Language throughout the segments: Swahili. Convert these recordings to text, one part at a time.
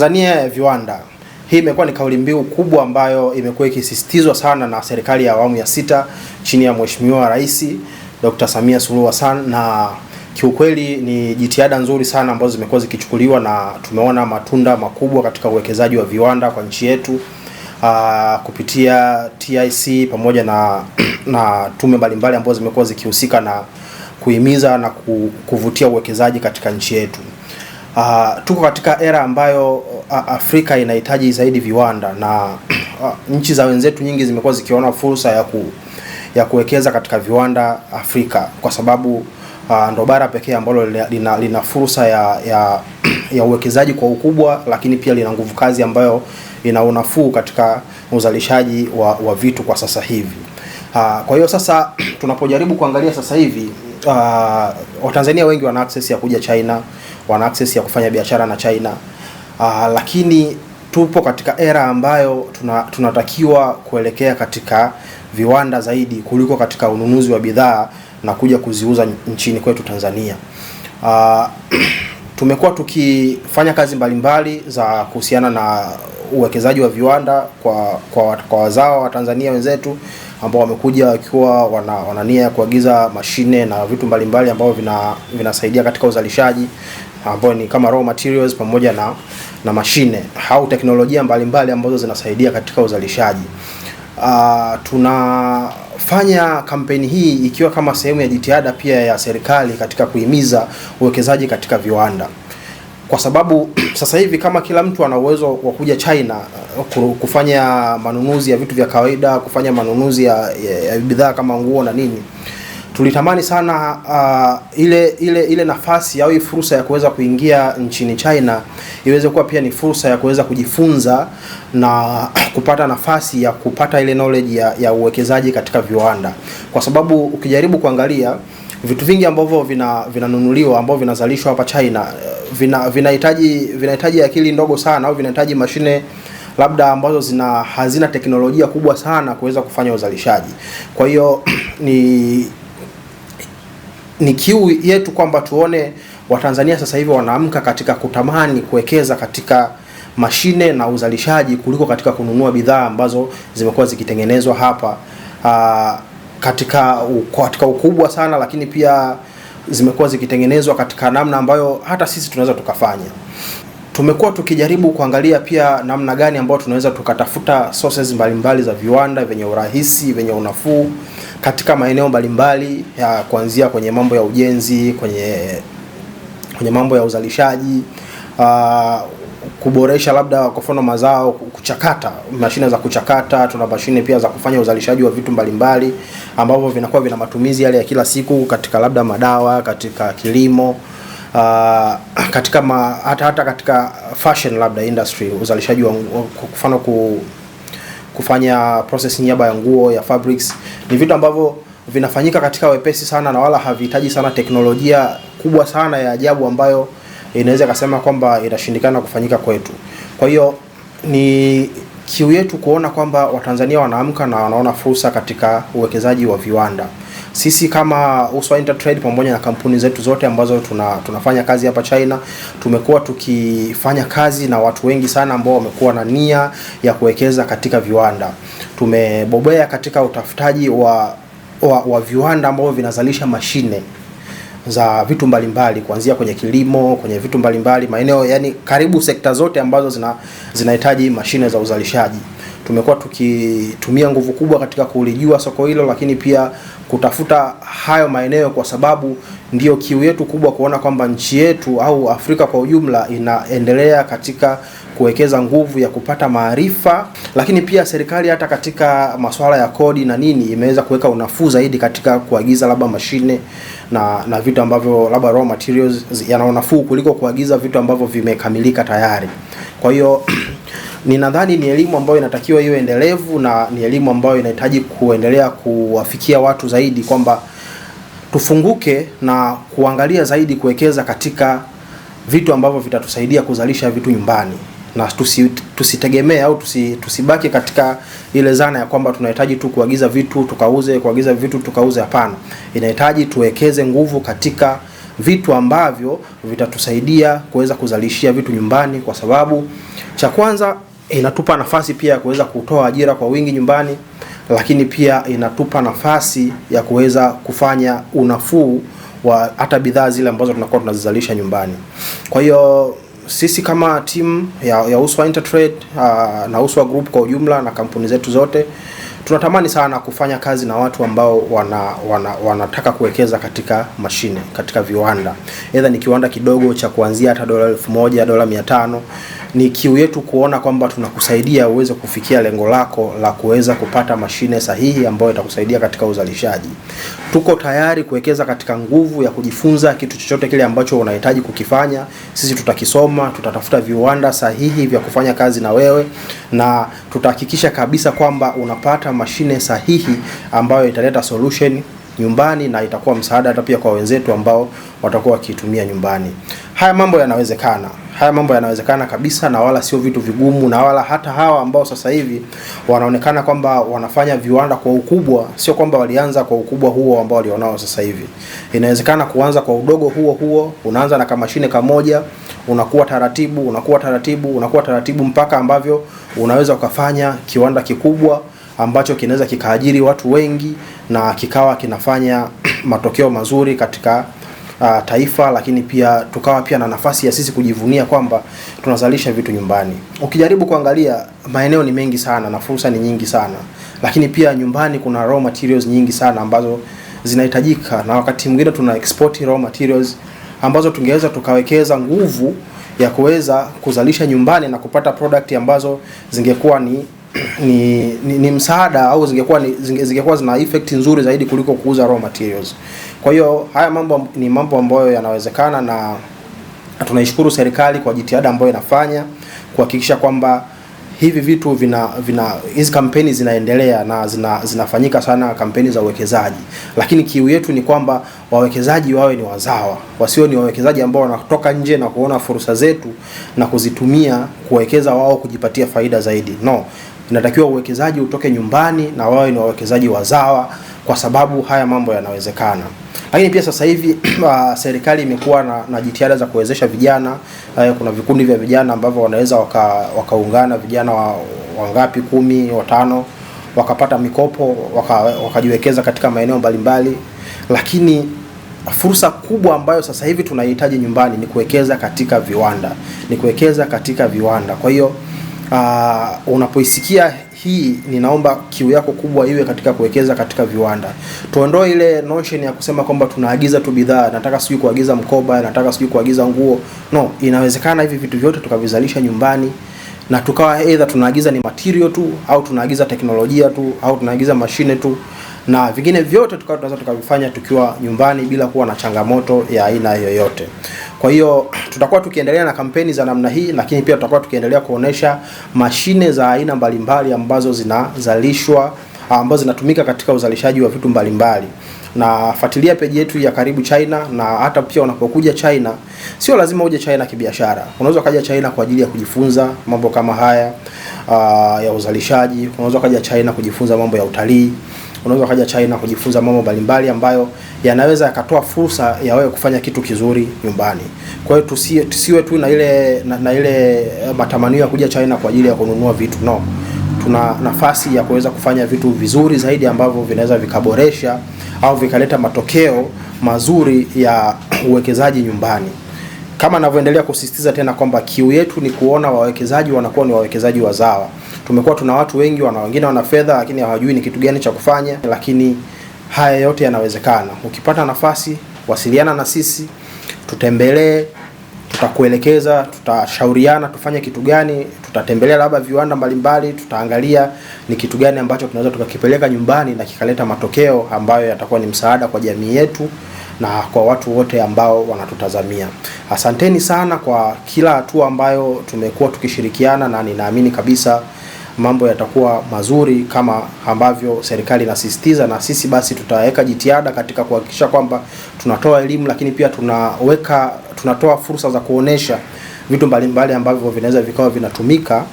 Tanzania ya viwanda. Hii imekuwa ni kauli mbiu kubwa ambayo imekuwa ikisisitizwa sana na serikali ya awamu ya sita chini ya Mheshimiwa Rais Dr. Samia Suluhu Hassan na kiukweli ni jitihada nzuri sana ambazo zimekuwa zikichukuliwa na tumeona matunda makubwa katika uwekezaji wa viwanda kwa nchi yetu aa, ah, kupitia TIC pamoja na na tume mbalimbali ambazo zimekuwa zikihusika na kuhimiza na kuvutia uwekezaji katika nchi yetu. Uh, tuko katika era ambayo ah, Afrika inahitaji zaidi viwanda na uh, nchi za wenzetu nyingi zimekuwa zikiona fursa ya ku, ya kuwekeza katika viwanda Afrika kwa sababu uh, ndo bara pekee ambalo lina, lina fursa ya, ya, ya uwekezaji kwa ukubwa, lakini pia lina nguvu kazi ambayo ina unafuu katika uzalishaji wa, wa vitu kwa sasa hivi. Uh, kwa hiyo sasa tunapojaribu kuangalia sasa hivi uh, Watanzania wengi wana access ya kuja China, wana access ya kufanya biashara na China uh, lakini tupo katika era ambayo tuna, tunatakiwa kuelekea katika viwanda zaidi kuliko katika ununuzi wa bidhaa na kuja kuziuza nchini kwetu Tanzania. Uh, tumekuwa tukifanya kazi mbalimbali mbali za kuhusiana na uwekezaji wa viwanda kwa, kwa, kwa wazao wa Tanzania wenzetu ambao wamekuja wakiwa wana, wana nia ya kuagiza mashine na vitu mbalimbali ambavyo vina, vinasaidia katika uzalishaji ambao ni kama raw materials pamoja na, na mashine au teknolojia mbalimbali ambazo zinasaidia katika uzalishaji. Uh, tunafanya kampeni hii ikiwa kama sehemu ya jitihada pia ya serikali katika kuhimiza uwekezaji katika viwanda kwa sababu sasa hivi kama kila mtu ana uwezo wa kuja China kufanya manunuzi ya vitu vya kawaida, kufanya manunuzi ya, ya, ya bidhaa kama nguo na nini. Tulitamani sana uh, ile ile ile nafasi au hii fursa ya kuweza kuingia nchini China iweze kuwa pia ni fursa ya kuweza kujifunza na kupata nafasi ya kupata ile knowledge ya, ya uwekezaji katika viwanda, kwa sababu ukijaribu kuangalia vitu vingi ambavyo vinanunuliwa ambavyo vinazalishwa hapa China eh, vinahitaji vinahitaji akili ndogo sana au vinahitaji mashine labda ambazo zina hazina teknolojia kubwa sana kuweza kufanya uzalishaji. Kwa hiyo ni ni kiu yetu kwamba tuone Watanzania sasa hivi wanaamka katika kutamani kuwekeza katika mashine na uzalishaji kuliko katika kununua bidhaa ambazo zimekuwa zikitengenezwa hapa aa, ah, katika, katika ukubwa sana, lakini pia zimekuwa zikitengenezwa katika namna ambayo hata sisi tunaweza tukafanya tumekuwa tukijaribu kuangalia pia namna gani ambayo tunaweza tukatafuta sources mbalimbali za viwanda vyenye urahisi vyenye unafuu katika maeneo mbalimbali ya kuanzia kwenye mambo ya ujenzi, kwenye kwenye mambo ya uzalishaji uh, kuboresha labda kwa mfano mazao, kuchakata, mashine za kuchakata. Tuna mashine pia za kufanya uzalishaji wa vitu mbalimbali ambavyo vinakuwa vina matumizi yale ya kila siku katika labda madawa, katika kilimo uh, katika ma, hata, hata katika fashion labda industry uzalishaji wa mfano ku, kufanya process nyaba ya nguo ya fabrics ni vitu ambavyo vinafanyika katika wepesi sana na wala havihitaji sana teknolojia kubwa sana ya ajabu ambayo inaweza ikasema kwamba inashindikana kufanyika kwetu. Kwa hiyo ni kiu yetu kuona kwamba Watanzania wanaamka na wanaona fursa katika uwekezaji wa viwanda. Sisi kama Uswa Intertrade pamoja na kampuni zetu zote ambazo tuna, tunafanya kazi hapa China, tumekuwa tukifanya kazi na watu wengi sana ambao wamekuwa na nia ya kuwekeza katika viwanda. Tumebobea katika utafutaji wa, wa, wa viwanda ambavyo vinazalisha mashine za vitu mbalimbali kuanzia kwenye kilimo, kwenye vitu mbalimbali maeneo, yani karibu sekta zote ambazo zina, zinahitaji mashine za uzalishaji tumekuwa tukitumia nguvu kubwa katika kulijua soko hilo, lakini pia kutafuta hayo maeneo, kwa sababu ndiyo kiu yetu kubwa kuona kwamba nchi yetu au Afrika kwa ujumla inaendelea katika kuwekeza nguvu ya kupata maarifa, lakini pia serikali hata katika masuala ya kodi na nini imeweza kuweka unafuu zaidi katika kuagiza labda mashine na na vitu ambavyo labda raw materials yana unafuu kuliko kuagiza vitu ambavyo vimekamilika tayari. Kwa hiyo Ninadhani ni elimu ambayo inatakiwa iwe endelevu na ni elimu ambayo inahitaji kuendelea kuwafikia watu zaidi, kwamba tufunguke na kuangalia zaidi kuwekeza katika vitu ambavyo vitatusaidia kuzalisha vitu nyumbani na tusi, tusitegemee au tusi, tusibaki katika ile zana ya kwamba tunahitaji tu kuagiza vitu tukauze, kuagiza vitu tukauze. Hapana, inahitaji tuwekeze nguvu katika vitu ambavyo vitatusaidia kuweza kuzalishia vitu nyumbani, kwa sababu cha kwanza inatupa nafasi pia ya kuweza kutoa ajira kwa wingi nyumbani, lakini pia inatupa nafasi ya kuweza kufanya unafuu wa hata bidhaa zile ambazo tunakuwa tunazizalisha nyumbani. Kwa hiyo sisi kama timu ya, ya Uswa Intertrade uh, na Uswa Group kwa ujumla na kampuni zetu zote tunatamani sana kufanya kazi na watu ambao wana, wana, wanataka kuwekeza katika mashine, katika viwanda, aidha ni kiwanda kidogo cha kuanzia hata dola elfu moja dola mia tano ni kiu yetu kuona kwamba tunakusaidia uweze kufikia lengo lako la kuweza kupata mashine sahihi ambayo itakusaidia katika uzalishaji. Tuko tayari kuwekeza katika nguvu ya kujifunza kitu chochote kile ambacho unahitaji kukifanya. Sisi tutakisoma, tutatafuta viwanda sahihi vya kufanya kazi na wewe na tutahakikisha kabisa kwamba unapata mashine sahihi ambayo italeta solution nyumbani na itakuwa msaada hata pia kwa wenzetu ambao watakuwa wakiitumia nyumbani haya mambo yanawezekana, haya mambo yanawezekana kabisa, na wala sio vitu vigumu, na wala hata hawa ambao sasa hivi wanaonekana kwamba wanafanya viwanda kwa ukubwa, sio kwamba walianza kwa ukubwa huo ambao walionao sasa hivi. Inawezekana kuanza kwa udogo huo huo, unaanza na kamashine kamoja, unakuwa taratibu, unakuwa taratibu, unakuwa taratibu mpaka ambavyo unaweza ukafanya kiwanda kikubwa ambacho kinaweza kikaajiri watu wengi na kikawa kinafanya matokeo mazuri katika uh, taifa, lakini pia tukawa pia na nafasi ya sisi kujivunia kwamba tunazalisha vitu nyumbani. Ukijaribu kuangalia maeneo ni mengi sana na fursa ni nyingi sana, lakini pia nyumbani kuna raw materials nyingi sana ambazo zinahitajika, na wakati mwingine tuna export raw materials ambazo tungeweza tukawekeza nguvu ya kuweza kuzalisha nyumbani na kupata product ambazo zingekuwa ni ni, ni, ni msaada au zingekuwa zingekuwa zina effect nzuri zaidi kuliko kuuza raw materials. Kwa hiyo haya mambo ni mambo ambayo yanawezekana na tunaishukuru serikali kwa jitihada ambayo inafanya kuhakikisha kwamba hivi vitu vina vina hizi kampeni zinaendelea na zina, zinafanyika sana kampeni za uwekezaji, lakini kiu yetu ni kwamba wawekezaji wawe ni wazawa, wasio ni wawekezaji ambao wanatoka nje na kuona fursa zetu na kuzitumia kuwekeza wao kujipatia faida zaidi. No, inatakiwa uwekezaji utoke nyumbani na wawe ni wawekezaji wazawa, kwa sababu haya mambo yanawezekana. Lakini pia sasa hivi uh, serikali imekuwa na, na jitihada za kuwezesha vijana. Uh, kuna vikundi vya vijana ambavyo wanaweza wakaungana waka vijana wa, wangapi kumi watano wakapata mikopo wakajiwekeza waka katika maeneo mbalimbali, lakini fursa kubwa ambayo sasa hivi tunahitaji nyumbani ni kuwekeza katika viwanda, ni kuwekeza katika viwanda. Kwa hiyo uh, unapoisikia hii ninaomba kiu yako kubwa iwe katika kuwekeza katika viwanda. Tuondoe ile notion ya kusema kwamba tunaagiza tu bidhaa, nataka sijui kuagiza mkoba, nataka sijui kuagiza nguo. No, inawezekana hivi vitu vyote tukavizalisha nyumbani na tukawa either tunaagiza ni material tu au tunaagiza teknolojia tu au tunaagiza mashine tu na vingine vyote tukawa tunaweza tukavifanya tukiwa nyumbani bila kuwa na changamoto ya aina yoyote. Kwa hiyo tutakuwa tukiendelea na kampeni za namna hii, lakini pia tutakuwa tukiendelea kuonesha mashine za aina mbalimbali ambazo zinazalishwa ambazo zinatumika katika uzalishaji wa vitu mbalimbali na fuatilia peji yetu ya Karibu China. Na hata pia unapokuja China, sio lazima uje China kibiashara, unaweza kaja China kwa ajili ya kujifunza mambo kama haya uh, ya uzalishaji. Unaweza kaja China kujifunza mambo ya utalii unaweza ukaja China kujifunza mambo mbalimbali ambayo yanaweza yakatoa fursa ya wewe kufanya kitu kizuri nyumbani. Kwa hiyo tusiwe, tusiwe tu na ile na, na ile matamanio ya kuja China kwa ajili ya kununua vitu no. Tuna nafasi ya kuweza kufanya vitu vizuri zaidi ambavyo vinaweza vikaboresha au vikaleta matokeo mazuri ya uwekezaji nyumbani. Kama anavyoendelea kusisitiza tena kwamba kiu yetu ni kuona wawekezaji wanakuwa ni wawekezaji wazawa. Tumekuwa tuna watu wengi, wana wengine wana fedha lakini hawajui ni kitu gani cha kufanya, lakini haya yote yanawezekana. Ukipata nafasi, wasiliana na sisi, tutembelee, tutakuelekeza, tutashauriana tufanye kitu gani, tutatembelea labda viwanda mbalimbali, tutaangalia ni kitu gani ambacho tunaweza tukakipeleka nyumbani na kikaleta matokeo ambayo yatakuwa ni msaada kwa jamii yetu na kwa watu wote ambao wanatutazamia. Asanteni sana kwa kila hatua ambayo tumekuwa tukishirikiana, na ninaamini kabisa mambo yatakuwa mazuri kama ambavyo serikali inasisitiza, na sisi basi tutaweka jitihada katika kuhakikisha kwamba tunatoa elimu, lakini pia tunaweka tunatoa fursa za kuonesha vitu mbalimbali ambavyo vinaweza vikawa vinatumika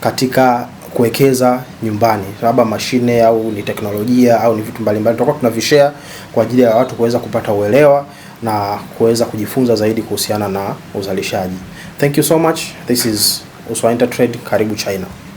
katika kuwekeza nyumbani, labda mashine au ni teknolojia au ni vitu mbalimbali, tutakuwa tunavishare kwa ajili ya watu kuweza kupata uelewa na kuweza kujifunza zaidi kuhusiana na uzalishaji. Thank you so much. This is Uswaita Trade. Karibu China.